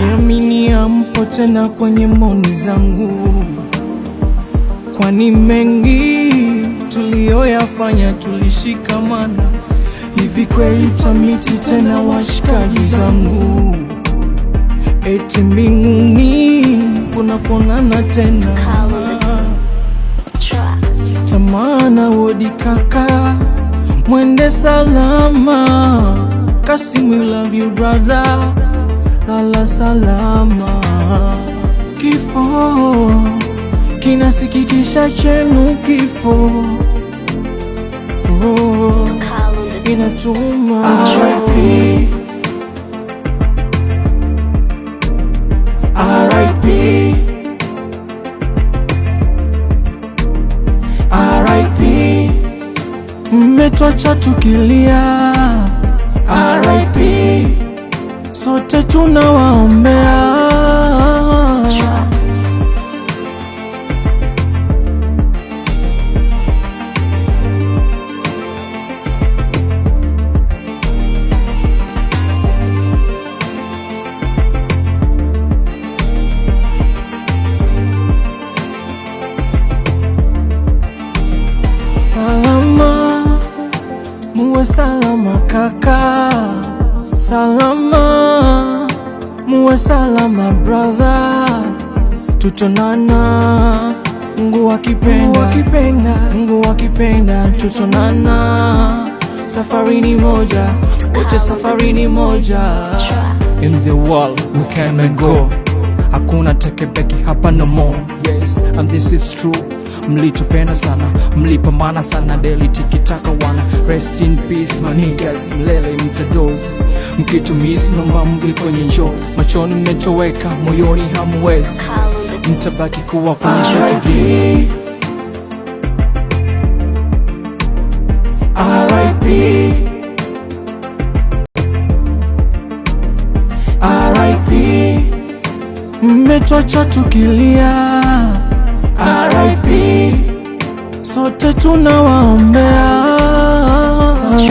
Siamini ampo tena kwenye moni zangu, kwani mengi tuliyoyafanya tulishikamana. Hivi kweli tamiti tena washikaji zangu, eti mbinguni kuna kuonana tena? Tamana wodi kaka, mwende salama. Kasimu, love you brother wala salama. Kifo kinasikitisha, chenu kifo oh, inatuma RIP. Mmetwacha tukilia RIP sote tunawaombea Salama, muwe salama kaka, salama uwe salama brother, tutonana Mungu akipenda, Mungu akipenda tutonana, safari ni moja, wote safari ni moja. In the world we can and go, hakuna take back hapa no more. Yes, and this is true. Mlitupenda sana, mlipambana sana, deli tikitaka wana. Rest in peace my niggas, mlele mtadozi mkitumisi mavamvi kwenye njo machoni mmetoweka moyoni hamwezi, mtabaki kuwa kwenye shoti Mmetwacha tukilia, RIP sote tunawaombea.